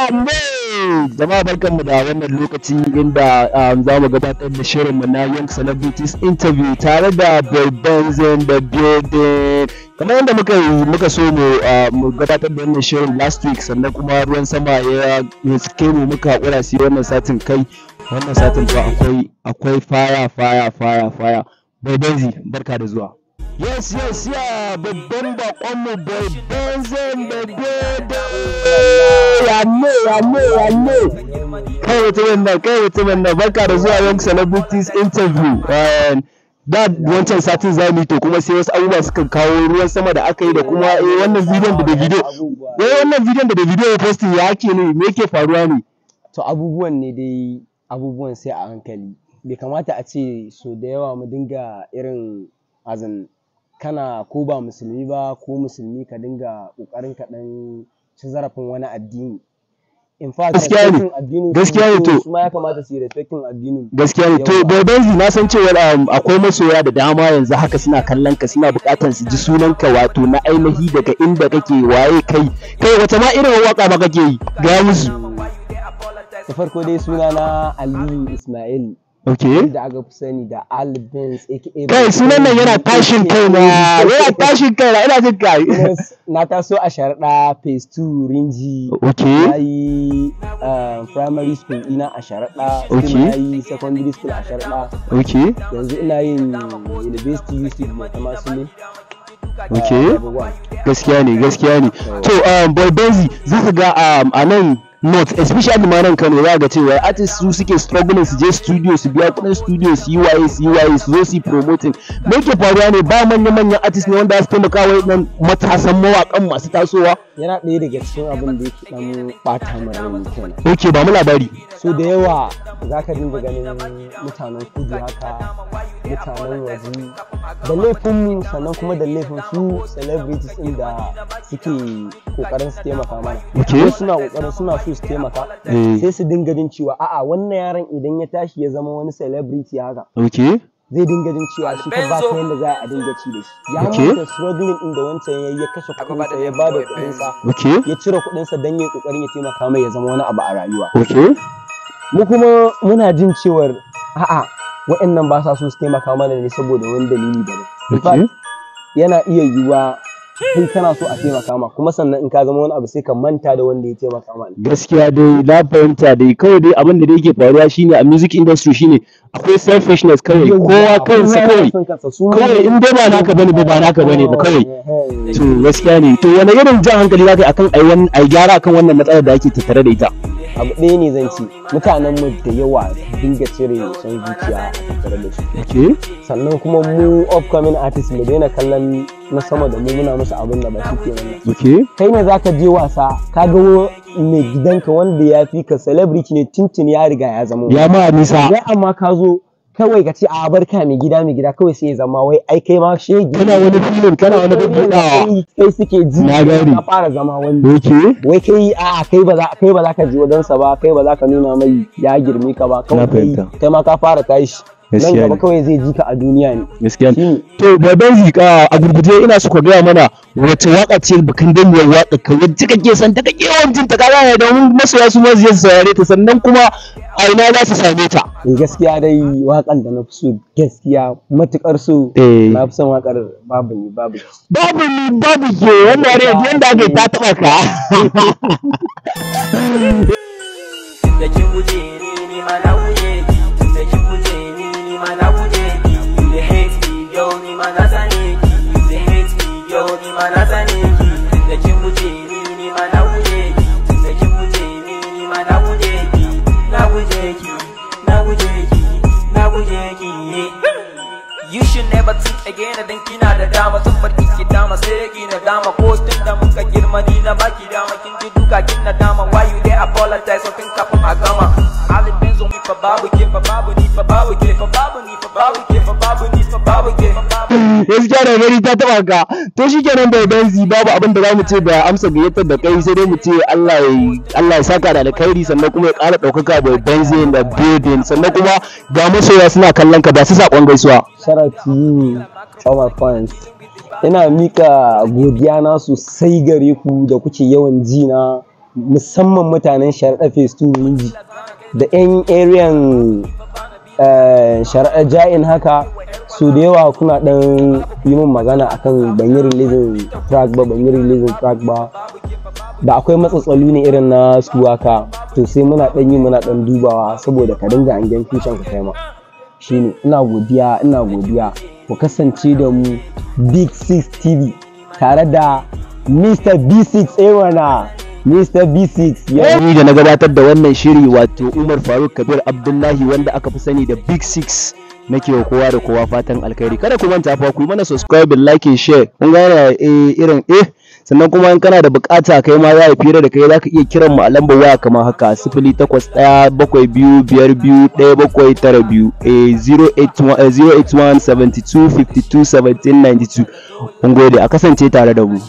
Harambe! barkan mu da wannan lokaci inda um, za mu gabatar da shirin mu na Young Celebrities Interview tare da Boy Benzin da Building. Kamar yadda muka muka so uh, mu gabatar da wannan shirin last week sannan kuma ruwan sama ya suke mu muka haƙura su wannan satin kai wannan satin ba akwai akwai fara fara fara faya. Boy Benzin barka da zuwa. Yes, yes, yeah, babban bakonmu bai benzin da dede. Yanne, yanne, yanne. Kai mutumin nan, kai mutumin nan, barka da zuwa Young Celebrities Interview. Da wancan satin za mu to kuma sai wasu abubuwa suka kawo ruwan sama da aka yi da kuma eh wannan bidiyon da Davido. Eh wannan bidiyon da Davido ya posti ya ake ne, me yake faruwa ne? To abubuwan ne dai abubuwan sai a hankali. Bai kamata a ce so da yawa mu dinga irin azin kana ko ba musulmi ba ko musulmi ka dinga ƙoƙarin ka ɗan ci zarafin wani addini in fact gaskiya ne gaskiya ne to ya kamata su respecting addinin gaskiya ne to babanzi na san cewa um, akwai masoya da dama yanzu haka suna kallon ka suna bukatar su ji sunan ka wato na ainihi daga inda kake waye kai kai wata ma irin waka ba kake yi ga musu da farko dai suna na Aliyu Ismail Okay. Da aka fi sani da Albins aka Kai sunan nan yana tashin kai na yana tashin kai na ina jin kai. Na taso a sharaɗa phase 2 Rinji. Okay. Na yi um, primary school ina a sharaɗa. Okay. Na yi secondary school a sharaɗa. Okay. Yanzu ina yin university UC da kama su ne. Okay. Gaskiya ne gaskiya ne. To um, Boy Benzi za ka ga um, a nan north especially ma nan kano za ga cewa artist su suke struggling su je studio su biya kudin studio su yi waye su yi waye su zo su yi promoting me yake faruwa ne ba manya manyan artist ne wanda su taimaka wa nan matasan mawakan masu tasowa yana ɗaya daga cikin abin da yake dan bata mu rai kenan Ok, ba mu labari so da yawa zaka dinga ganin mutanen kudu haka mutanen waje da laifinmu sannan kuma da laifin su celebrities ɗin da suke kokarin su taimaka mana wasu suna kokarin suna so su taimaka eh. sai su dinga jin cewa a'a wannan yaron idan ya tashi ya zama wani celebrity haka zai dinga jin cewa shi ka ba ta yadda za a dinga ci da shi ya da struggling din da wancan ya ya kashe kuɗinsa ya ba da kuɗinsa ya cire sa don ya kokarin ya taimaka mai ya zama wani abu a rayuwa mu kuma muna jin cewar a'a wa'annan ba sa so su taimaka mana ne saboda wani dalili da ne yana iya yiwuwa kai kana so a taimaka ma kuma sannan in ka zama wani abu sai ka manta da wanda ya taimaka ma gaskiya dai na fahimta dai kawai dai abin da dai yake faruwa shine a music industry shine akwai selfishness kawai kowa kansa kawai kawai in dai ba naka bane ba ba naka bane ba kawai eh, to gaskiya ne to wani irin jan hankali zaka akan ai wannan ai gyara akan wannan matsalar da ake tattare da ita abu ɗaya ne zan ce mutanen mu da yawa dinga cire son zuciya a tattare da su sannan kuma mu upcoming artist mu daina kallon na sama da mu muna musu abin da ba shi ke wannan kai ne za ka je wasa ka ga mai gidanka wanda ya fi ka celebrity ne tuntun ya riga ya zama ya ma nisa ya amma ka zo kawai ka ce a barka mai gida mai gida kawai sai ya zama wai ai kai ma shege kana wani filin kana wani bubbudawa kai suke ji na gari ka fara zama wani oke wai kai a kai ba za kai ba za ka ji wadansa ba kai ba za ka nuna mai ya girme ka ba kawai kai ma ka fara tashi nan gaba kawai zai jika a duniya ne gaskiya to baban zika a gurguje ina so ka gaya mana wace waka ce bakin dangiyar waka ka wacce kake san ta kake yawan jin ta ka gane domin masoya su ma zai saurare ta sannan kuma a ina za su same ta eh, gaskiya dai wakan da na fi so gaskiya matukar so eh. na fi son wakar babu ni babu babu ni babu ke wannan yadda yanda ake ta taba ka eh. da ki guje ni shi ne ba think again dan kina da dama sun farki ki dama sai rage na dama ko tun da muka girma ni na baki dama kin ji duka kin na dama why you a apologize so think jarumai ta taba ka to kenan bai benzi babu abin da zamu ce da amsa gayyatar da kai sai dai mu ce Allah ya Allah ya saka da alkhairi sannan kuma ya ƙara ɗaukaka bai benzi da bedin sannan kuma ga masoya suna kallon ka ba su sakon gaisuwa sharati powerpoint ina mika godiya na sosai gare ku da kuke yawan ji na musamman mutanen sharaɗa phase 2 da 'yan ariyan eh, sharaɗa ja'in haka su da yawa kuna dan yi min magana akan ban yi releasing track ba ban yi releasing track ba da akwai matsatsalu ne irin na su waka to sai muna dan yi muna dan dubawa saboda ka dinga an gan tushen ka kai ma shine ina godiya ina godiya ku kasance da mu big Six tv tare da mr b6 ewana Mr. B6 ya yi da na gabatar da wannan shiri wato Umar Faruk Kabir Abdullahi wanda aka fi sani da Big Six nake wa kowa da kowa fatan alkhairi kada ku manta fa ku mana subscribe like share kun ga eh irin eh sannan kuma in kana da bukata kai ma za a fira da kai za ka iya kiran mu a lambar waya kamar haka sifili takwas ɗaya bakwai biyu biyar biyu ɗaya bakwai tara biyu a eh, zero eight eh, gode a kasance tare da mu.